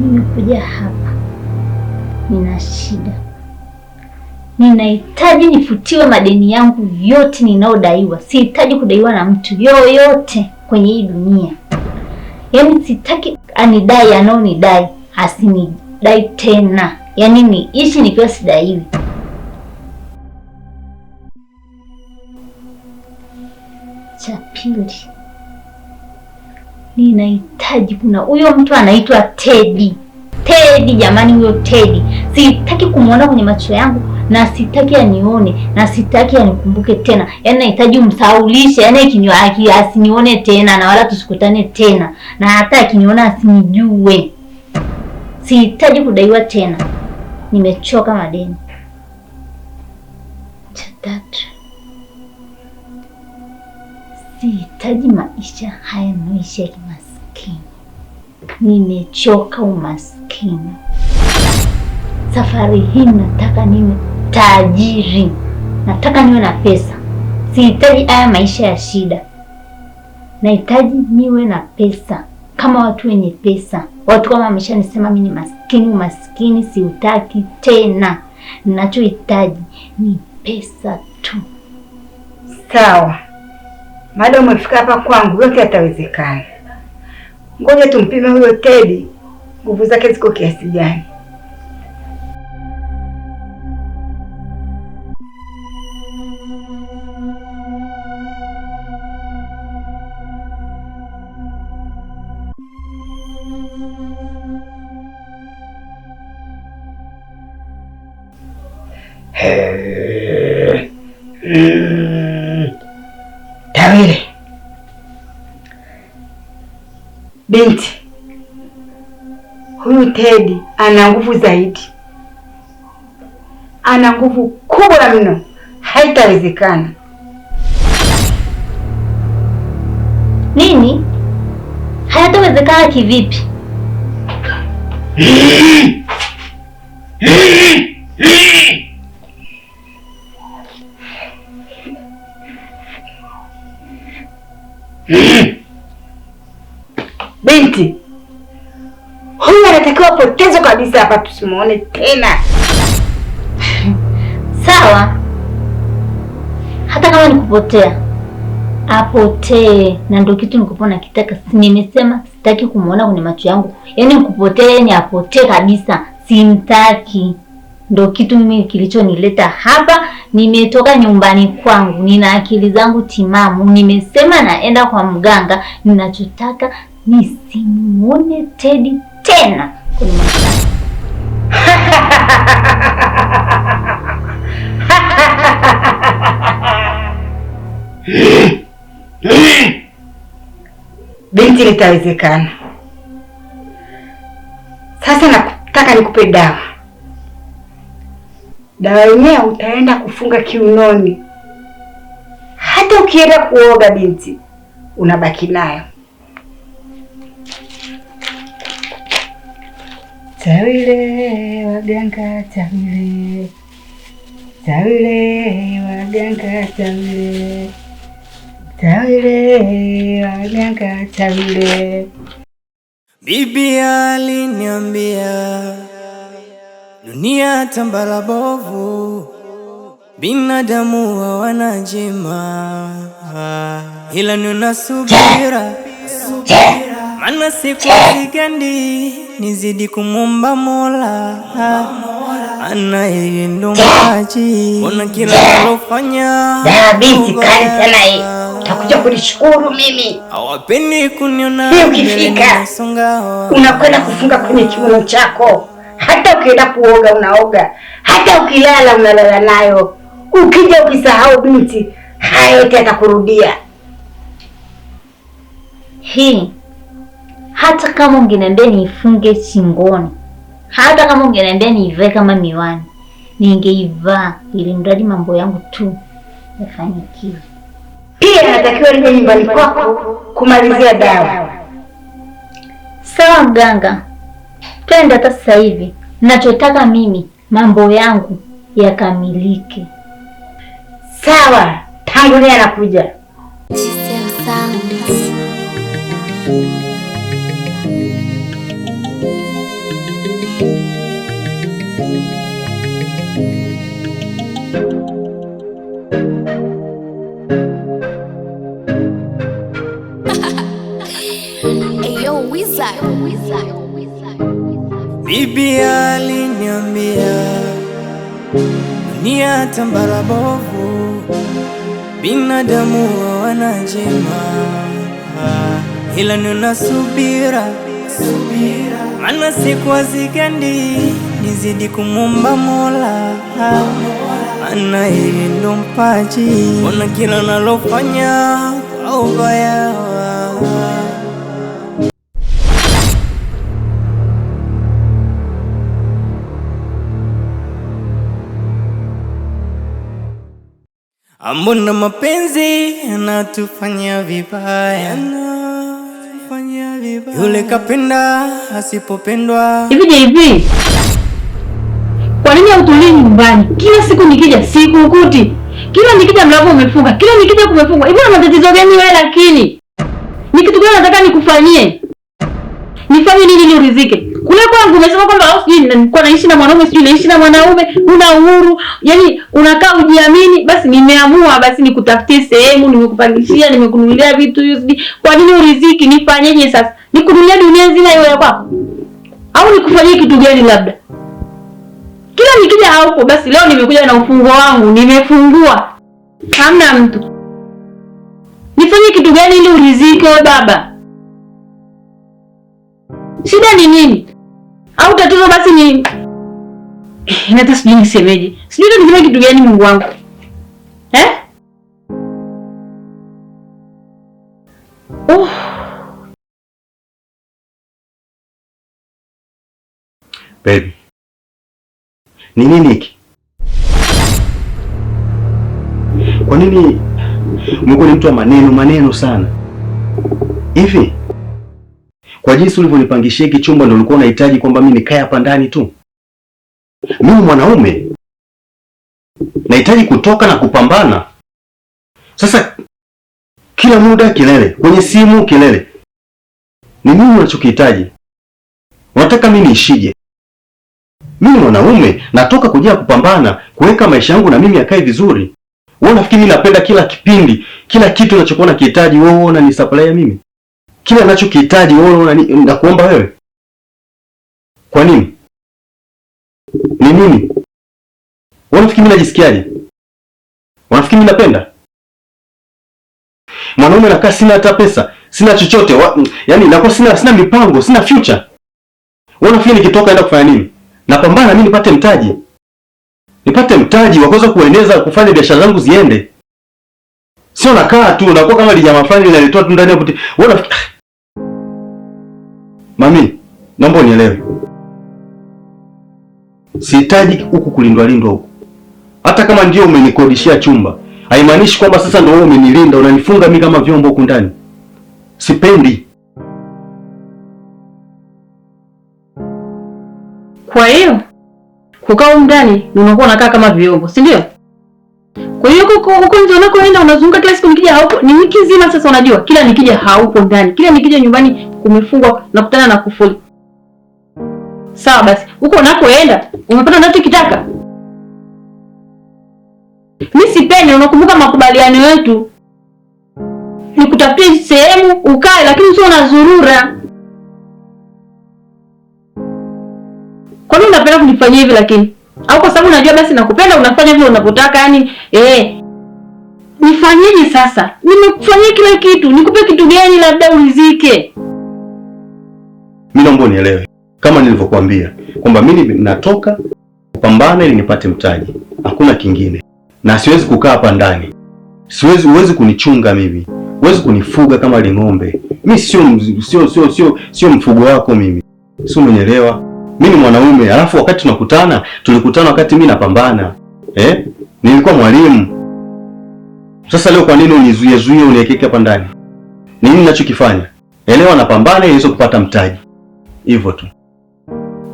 nimekuja hapa, nina shida, ninahitaji nifutiwe madeni yangu yote ninayodaiwa. Sihitaji kudaiwa na mtu yoyote kwenye hii dunia yani sitaki anidai, anaonidai asinidai tena, yaani ni niishi nikiwa sidaiwi. Cha pili, ninahitaji kuna huyo mtu anaitwa Tedi Tedi jamani, huyo Tedi sitaki kumwona kwenye macho yangu, na sitaki anione, na sitaki anikumbuke tena. Yaani nahitaji umsaulishe, yaani asinione tena, na wala tusikutane tena, na hata akiniona asinijue. Sihitaji kudaiwa tena, nimechoka madeni. sihitaji maisha haya, maisha ya kimaskini. Nimechoka umaskini maskini. Safari hii nataka niwe tajiri, nataka niwe na pesa. Sihitaji haya maisha ya shida, nahitaji niwe na pesa kama watu wenye pesa. Watu kama wameshanisema mimi ni maskini, umaskini siutaki tena. Ninachohitaji ni pesa tu. Sawa, mada umefika hapa kwangu, yote yatawezekana. Ngoja tumpime huyo Teddy. nguvu zake ziko kiasi gani? Tawere binti huyu Tedi ana nguvu zaidi, ana nguvu kubwa mno, haitawezekana. Nini? Hayatawezekana kivipi? Binti Mtoto kabisa hapa, tusimuone tena sawa. Hata kama nikupotea apotee, na ndio kitu na kitaka Nimesema sitaki kumuona kwenye macho yangu, yaani nikupotee, ni yaani apotee kabisa, simtaki. Ndio kitu mimi kilichonileta hapa. Nimetoka nyumbani kwangu, nina akili zangu timamu, nimesema naenda kwa mganga. Ninachotaka nisimuone Teddy tena. Binti, litawezekana. Sasa nataka nikupe dawa. Dawa yenyewe utaenda kufunga kiunoni, hata ukienda kuoga binti, unabaki nayo. Tawile waganga tawile, tawile waganga tawile, tawile waganga tawile. Bibi aliniambia dunia tambala bovu, binadamu wa wanajima, ila nina subira, subira maana siku zigendi oh! nizidi kumomba Mola, ana yeye ndo oh! maji ona kila nalofanya. Binti kali sana hii, takuja kunishukuru mimi. Hawapeni kuniona ukifika, unakwenda kufunga kwenye kiuno chako, hata ukienda kuoga unaoga, hata ukilala unalala nayo, ukija ukisahau binti, haya yote atakurudia hii hata kama ungeniambia niifunge shingoni, hata kama ungeniambia niivae kama miwani, ningeivaa ili mradi mambo yangu tu yafanikiwe. Pia natakiwa nije nyumbani kwako kumalizia dawa. Sawa mganga, twende hata sasa hivi. Nachotaka mimi mambo yangu yakamilike. Sawa, tangulia, anakuja. Bibi aliniambia dunia tambara bovu, binadamu hawana njema, ah, ila nina subira, subira Mana siku hazigandi nizidi kumwomba Mola, Mana yeye ndo mpaji, ona kila nalofanya kwa ubaya Ambona mapenzi yanatufanya vibaya yule kapenda asipopendwa. Hivi hivi, kwa nini hautulii nyumbani? Kila siku nikija siku ukuti, kila nikija mlango umefunga, kila nikija kumefungwa. Hivi una matatizo gani wewe? Lakini ni kitu gani nataka nikufanyie? Nifanye nini uridhike? kule kwangu umesema kwamba au sijui nilikuwa naishi na mwanaume sijui naishi na mwanaume, una uhuru yani unakaa ujiamini. Basi nimeamua basi nikutafutie sehemu, nimekupangishia, nimekununulia vitu hivi. Kwa nini uriziki? Nifanyeje sasa? Nikununulia dunia nzima hiyo ya kwako, au nikufanyie kitu gani? Labda kila nikija haupo, basi leo nimekuja na ufunguo wangu, nimefungua, hamna mtu. Nifanye kitu gani ili uriziki? We baba, shida ni nini? au tatizo basi ni hata sijui nisemeje, sijui niseme kitu gani, Mungu wangu eh? Oh. Baby. Ni nini hiki? Kwa nini Mungu ni mtu wa maneno maneno sana hivi? Kwa jinsi ulivyonipangishia hiki chumba ndio ulikuwa unahitaji kwamba mimi nikae hapa ndani tu? Mimi mwanaume nahitaji kutoka na kupambana. Sasa kila muda kelele, kwenye simu kelele, ni mimi unachokihitaji? Unataka mimi niishije? Mimi mwanaume natoka kujia ya kupambana, kuweka maisha yangu na mimi yakae vizuri. Wewe unafikiri mimi napenda kila kipindi, kila kitu unachokuwa unakihitaji wewe unanisaplia mimi? kile anachokihitaji wewe unaona na kuomba wewe. Kwa nini? Ni nini? Wanafikiri mimi najisikiaje? Unafikiri mimi napenda mwanaume nakaa, sina hata pesa, sina chochote wa, yani nakuwa sina, sina mipango, sina future. Unafikiri nikitoka aenda kufanya nini? Napambana mimi nipate mtaji, nipate mtaji wa kuweza kueneza, kufanya biashara zangu ziende, sio nakaa tu nakuwa kama lijamaa fulani inalitoa tu ndani ya kuti. Wanafikiri Mami, naomba unielewe, sihitaji huku kulindwa lindwa huku. Hata kama ndio umenikodishia chumba, haimaanishi kwamba sasa ndio wewe umenilinda, unanifunga mimi kama vyombo huku ndani. Sipendi. Kwa hiyo kukaa huko ndani unakuwa unakaa kama vyombo, si ndio? Kwa hiyo huko huko nje unakoenda unazunguka kila siku, nikija haupo, ni wiki nzima sasa. Unajua, kila nikija haupo ndani, kila nikija nyumbani umefungwa, unakutana na kufuli. Sawa basi, huko unakoenda umepata unachokitaka? Mi sipendi. Unakumbuka makubaliano yetu ni kutafuta sehemu ukae, lakini sio unazurura. Kwa nini unapenda kunifanyia hivi lakini? Au kwa sababu unajua basi nakupenda unafanya hivyo unavyotaka yani, eh. Nifanyeje sasa? Nimekufanyia kila kitu, nikupe kitu gani labda ulizike? naomba unielewe, kama nilivyokuambia kwamba mimi natoka kupambana ili nipate mtaji, hakuna kingine, na siwezi kukaa hapa ndani. Siwezi, huwezi kunichunga mimi, huwezi kunifuga kama ling'ombe. Mimi sio sio sio sio sio mfugo wako mimi, sio, umenielewa? Mimi ni mwanaume, alafu wakati tunakutana tulikutana wakati mimi napambana eh, nilikuwa mwalimu. Sasa leo kwa nini unizuie zuie uniwekeke hapa ndani? Nini ninachokifanya? Elewa, napambana ili niweze kupata mtaji hivyo tu.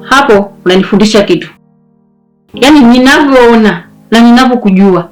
Hapo unanifundisha kitu, yaani ninavyoona na ninavyokujua,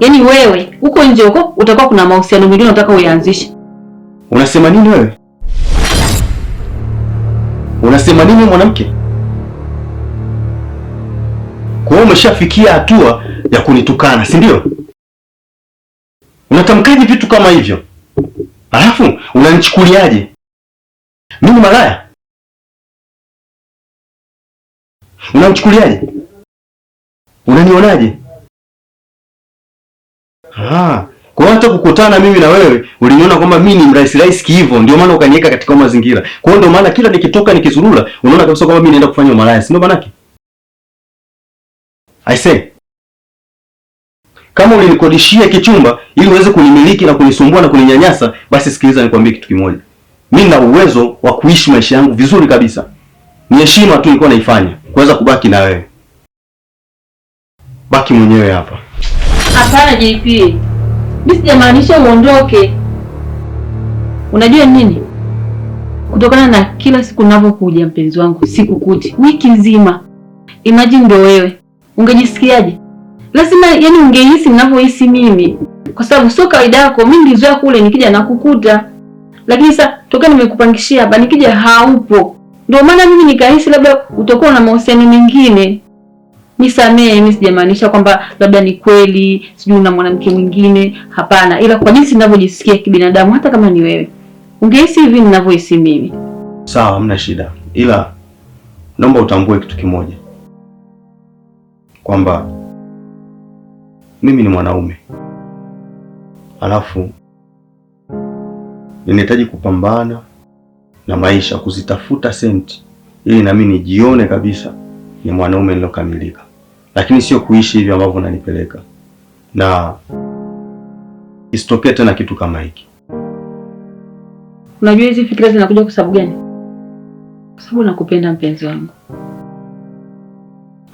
yaani wewe huko nje huko utakuwa kuna mahusiano mengine unataka uyaanzishe. Unasema nini wewe? Unasema nini mwanamke? Kwa hiyo umeshafikia hatua ya kunitukana, si ndio? Unatamkaje vitu kama hivyo? Alafu unanichukuliaje mimi malaya? Unamchukuliaje? Unanionaje? Ah, kwa hata kukutana mimi na wewe uliniona kwamba mimi ni mrahisi rahisi kiivo, ndio maana ukaniweka katika mazingira. Kwa hiyo ndio maana kila nikitoka nikizurura, unaona kabisa kwamba mimi naenda kufanya umalaya, si ndio maana yake? I say kama ulinikodishia kichumba ili uweze kunimiliki na kunisumbua na kuninyanyasa, basi sikiliza nikwambie kitu kimoja. Mimi na uwezo wa kuishi maisha yangu vizuri kabisa. Ni heshima tu nilikuwa naifanya kuweza kubaki na wewe. Baki mwenyewe hapa. Hapana JP, mimi sijamaanisha uondoke. Unajua nini, kutokana na kila siku ninavyokuja, mpenzi wangu, siku kuti wiki nzima, imagine ndio wewe, ungejisikiaje? Lazima yani ungehisi ninavyohisi mimi, kwa sababu sio kawaida yako. Mimi nilizoea kule nikija nakukuta, lakini sasa tokea nimekupangishia hapa, nikija haupo ndio maana mimi nikahisi labda utakuwa na mahusiano mengine. Nisamehe, mimi sijamaanisha kwamba labda ni kweli sijui una mwanamke mwingine, hapana, ila kwa jinsi ninavyojisikia kibinadamu, hata kama ni wewe ungehisi hivi ninavyohisi mimi. Sawa, hamna shida, ila naomba utambue kitu kimoja kwamba mimi ni mwanaume, alafu ninahitaji kupambana na maisha, kuzitafuta senti ili nami nijione kabisa ni mwanaume nilokamilika, lakini sio kuishi hivi ambavyo unanipeleka, na isitokee tena kitu kama hiki. Unajua hizi fikira zinakuja kwa sababu gani? Kwa sababu nakupenda mpenzi wangu,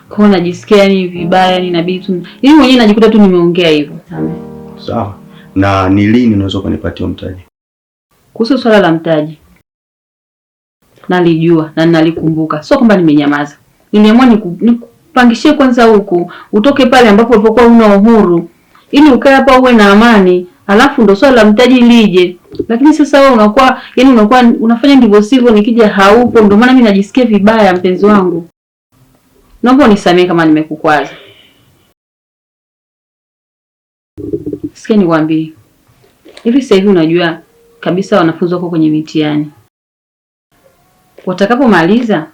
kwa najisikia ni yaani vibaya, yani inabidi tu mimi yaani mwenyewe najikuta tu nimeongea hivyo. Sawa. Na ni lini unaweza kunipatia mtaji? Kuhusu swala la mtaji nalijua na nalikumbuka, sio kwamba nimenyamaza. Niliamua nikupangishie kwanza huku utoke pale ambapo ulipokuwa una uhuru, ili ukae hapa uwe na amani, alafu ndo swala la mtaji lije. Lakini sasa wewe unakuwa yani, unakuwa unafanya ndivyo sivyo, nikija haupo. Ndio maana mimi najisikia vibaya, mpenzi wangu, naomba unisamehe kama nimekukwaza. Sikia nikwambie hivi, sasa hivi unajua kabisa wanafunzi wako kwenye mitihani Watakapomaliza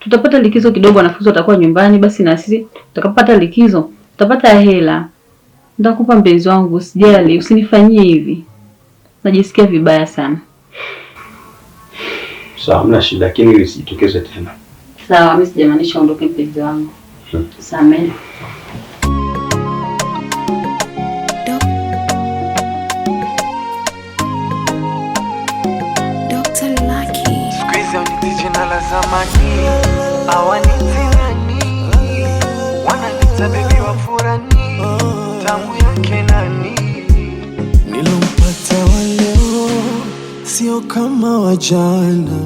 tutapata likizo kidogo, wanafunzi watakuwa nyumbani, basi na sisi tutakapata likizo tutapata hela. Nitakupa mpenzi wangu, usijali, usinifanyie hivi, najisikia vibaya sana. Sawa, mna shida, lakini usijitokeze tena. Sawa, mimi sijamaanisha ondoke, mpenzi wangu, hmm. samehe. jina la zamani awanitinani wanalita bibi wa furani tamu yake nani nilompata waleo sio kama wajana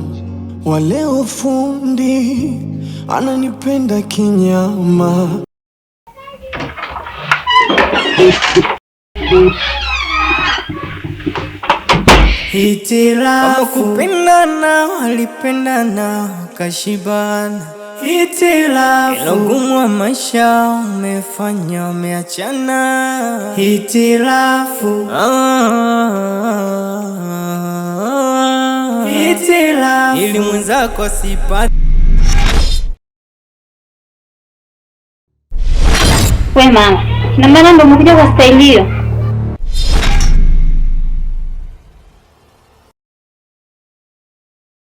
waleo fundi ananipenda kinyama Hitilafu. Kama kupendana walipendana wakashibana. Hitilafu. Ila ugumu wa maisha umefanya umeachana. Hitilafu. Ah, Hitilafu. Ili mwenzako asipate we mama, na maana ndo umekuja kwa staili hiyo